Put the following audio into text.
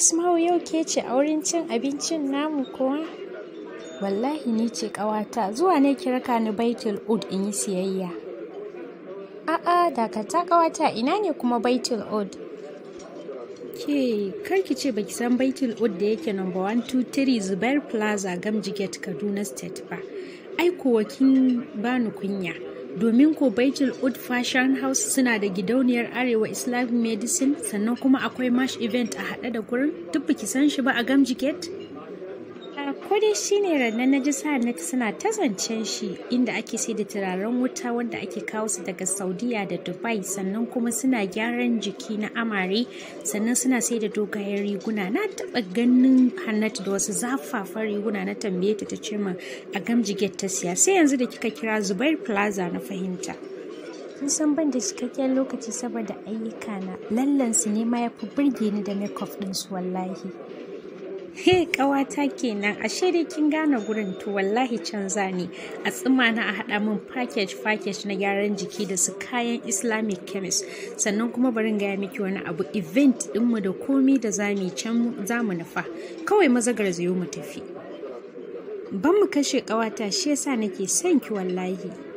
Asma'u yau ke ce a wurin cin abincin namu kuwa? Wallahi ni ce ƙawata zuwa ne ki raka ni Baitul Ud in yi siyayya. A'a dakata ƙawata ina ne kuma Baitul Ud? Ke kar ki ce baki san Baitul Ud da yake number 123 Zubair Plaza Gamji Gate Kaduna State ba. Ai kuwa kin bani kunya. domin ko baitul ud fashion house suna da gidauniyar arewa islamic medicine sannan kuma akwai mash event a haɗe da gurin duk biki san shi ba a gamji gate Ko dai shi rannan na ji Sahanat suna ta zancen shi inda ake sai da turaren wuta wanda ake kawo su daga Saudiya da Dubai sannan kuma suna gyaran jiki na amare sannan suna sai da dogayen riguna na taɓa ganin Hannat da wasu zafafan riguna na tambaye ta ta ce ma a gamjiget ta siya sai yanzu da kika kira Zubair Plaza na fahimta. kun san ban da cikakken lokaci saboda ayyuka na lallansu ne ma ya fi burge ni da makeup su wallahi he kawata kenan ashe dai kin gane gurin to wallahi canza ne a tsima na a haɗa min package package na gyaran jiki da su kayan islamic chemist sannan kuma barin gaya miki wani abu event dinmu da komi da zami can zamu nufa kawai maza garzayo mu tafi ban mu kashe ƙawata shi yasa nake son ki wallahi